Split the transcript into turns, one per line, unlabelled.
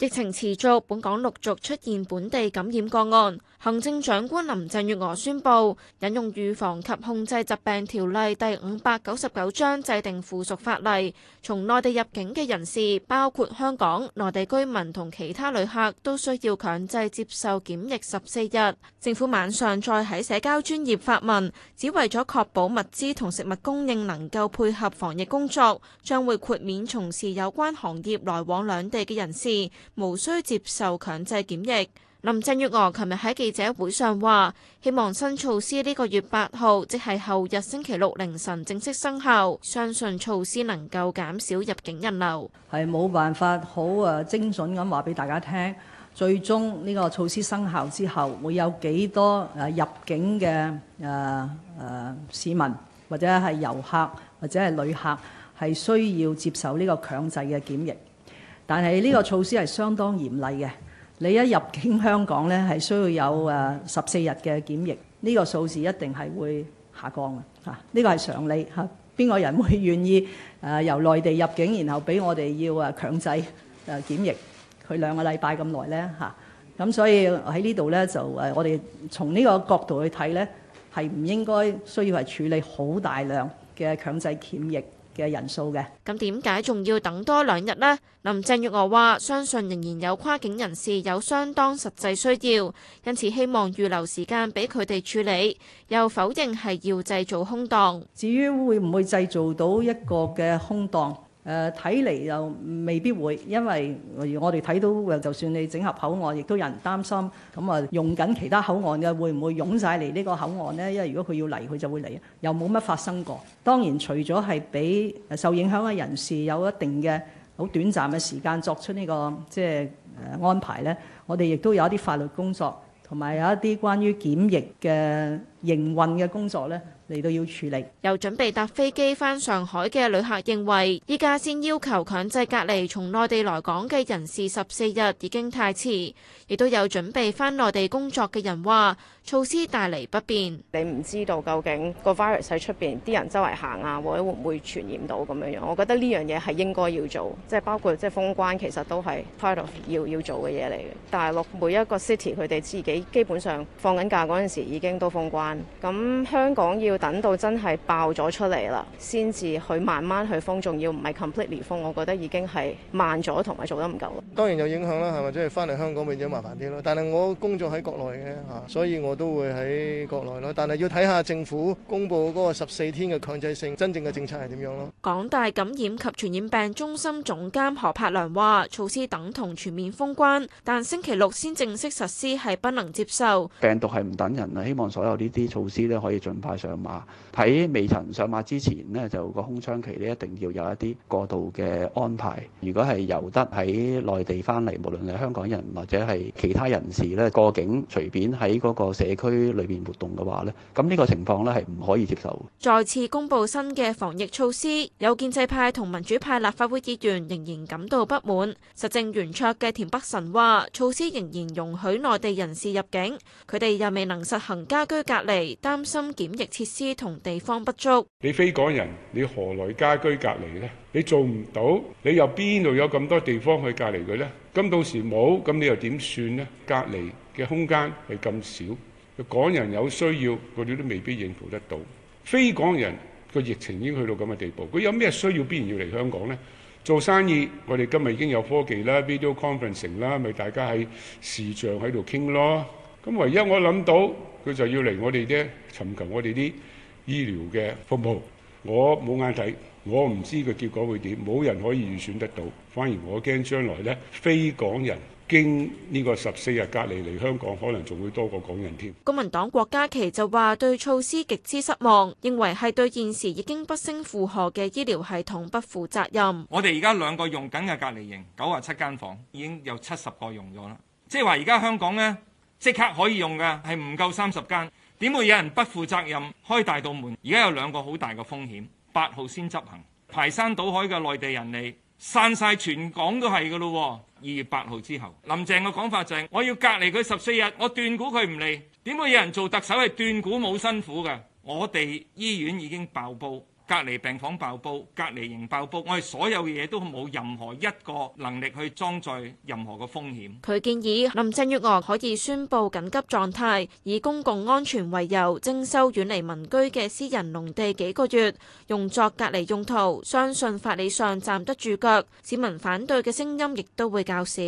疫情持續，本港陸續出現本地感染個案。行政長官林鄭月娥宣布，引用《預防及控制疾病條例》第五百九十九章，制定附屬法例，從內地入境嘅人士，包括香港內地居民同其他旅客，都需要強制接受檢疫十四日。政府晚上再喺社交專頁發文，只為咗確保物資同食物供應能夠配合防疫工作，將會豁免從事有關行業來往兩地嘅人士。無需接受強制檢疫。林鄭月娥琴日喺記者會上話：希望新措施呢個月八號，即係後日星期六凌晨正式生效。相信措施能夠減少入境人流。
係冇辦法好精準咁話俾大家聽，最終呢個措施生效之後，會有幾多誒入境嘅誒誒市民或者係遊客或者係旅客係需要接受呢個強制嘅檢疫。但係呢個措施係相當嚴厲嘅，你一入境香港呢，係需要有誒十四日嘅檢疫，呢個數字一定係會下降嘅吓，呢個係常理吓。邊個人會願意誒由內地入境，然後俾我哋要誒強制誒檢疫佢兩個禮拜咁耐呢吓？咁所以喺呢度呢，就誒，我哋從呢個角度去睇呢，係唔應該需要係處理好大量嘅強制檢疫。
嘅人數嘅，咁點解仲要等多兩日呢？林鄭月娥話：相信仍然有跨境人士有相當實際需要，因此希望預留時間俾佢哋處理，又否認係要製造空檔。
至於會唔會製造到一個嘅空檔？誒睇嚟又未必會，因為我哋睇到就算你整合口岸，亦都有人擔心。咁啊，用緊其他口岸嘅會唔會湧晒嚟呢個口岸呢？因為如果佢要嚟，佢就會嚟。又冇乜發生過。當然，除咗係俾受影響嘅人士有一定嘅好短暫嘅時間作出呢個即係誒安排呢，我哋亦都有一啲法律工作，同埋有一啲關於檢疫嘅營運嘅工作呢。你都要處理。
有準備搭飛機返上海嘅旅客認為，依家先要求強制隔離，從內地來港嘅人士十四日已經太遲。亦都有準備返內地工作嘅人話，措施帶嚟不便。你唔知道究竟個 virus 喺出邊啲人周圍行啊，或者會唔會傳染到咁樣樣？我覺得呢樣嘢係應該要做，即係包括即係封關，其實都係 part of 要要做嘅嘢嚟嘅。大陸每一個 city 佢哋自己基本上放緊假嗰陣時已經都封關，咁香港要。等到真係爆咗出嚟啦，先至去慢慢去封，仲要唔係 completely 封，我覺得已經係慢咗同埋做得唔夠。
當然有影響啦，係咪？即係翻嚟香港變咗麻煩啲咯。但係我工作喺國內嘅，所以我都會喺國內咯。但係要睇下政府公布嗰個十四天嘅強制性真正嘅政策係點樣咯。
港大感染及傳染病中心總監何柏良話，措施等同全面封關，但星期六先正式實施係不能接受。
病毒係唔等人啊！希望所有呢啲措施咧可以盡快上馬。啊！喺未曾上馬之前咧，就個空窗期咧，一定要有一啲過渡嘅安排。如果係由得喺內地翻嚟，無論係香港人或者係其他人士咧，過境，隨便喺嗰個社區裏面活動嘅話咧，咁呢個情況咧係唔可以接受。
再次公布新嘅防疫措施，有建制派同民主派立法會議員仍然感到不滿。實政圓桌嘅田北辰話：措施仍然容許內地人士入境，佢哋又未能實行家居隔離，擔心檢疫設施同地方不足，
你非港人，你何來家居隔離呢？你做唔到，你又邊度有咁多地方去隔離佢呢？咁到時冇，咁你又點算呢？隔離嘅空間係咁少，港人有需要，我哋都未必應付得到。非港人個疫情已經去到咁嘅地步，佢有咩需要，必然要嚟香港呢？做生意，我哋今日已經有科技啦，video conferencing 啦，咪大家係視像喺度傾咯。咁唯一我諗到佢就要嚟我哋啫，尋求我哋啲醫療嘅服務。我冇眼睇，我唔知個結果會點，冇人可以預算得到。反而我驚將來咧，非港人經呢個十四日隔離嚟香港，可能仲會多過港人添。
公民黨郭家麒就話對措施極之失望，認為係對現時已經不勝負荷嘅醫療系統不負責任。
我哋而家兩個用緊嘅隔離營九啊七間房已經有七十個用咗啦，即係話而家香港咧。即刻可以用嘅係唔夠三十間，點會有人不負責任開大度門？而家有兩個好大嘅風險，八號先執行排山倒海嘅內地人嚟，散晒全港都係嘅咯。二月八號之後，林鄭嘅講法就係：「我要隔離佢十四日，我斷估佢唔嚟。」點會有人做特首係斷估冇辛苦㗎？我哋醫院已經爆煲。隔離病房爆煲，隔離營爆煲，我哋所有嘢都冇任何一個能力去裝載任何嘅風險。
佢建議林鄭月娥可以宣布緊急狀態，以公共安全為由徵收遠離民居嘅私人農地幾個月，用作隔離用途，相信法理上站得住腳，市民反對嘅聲音亦都會較少。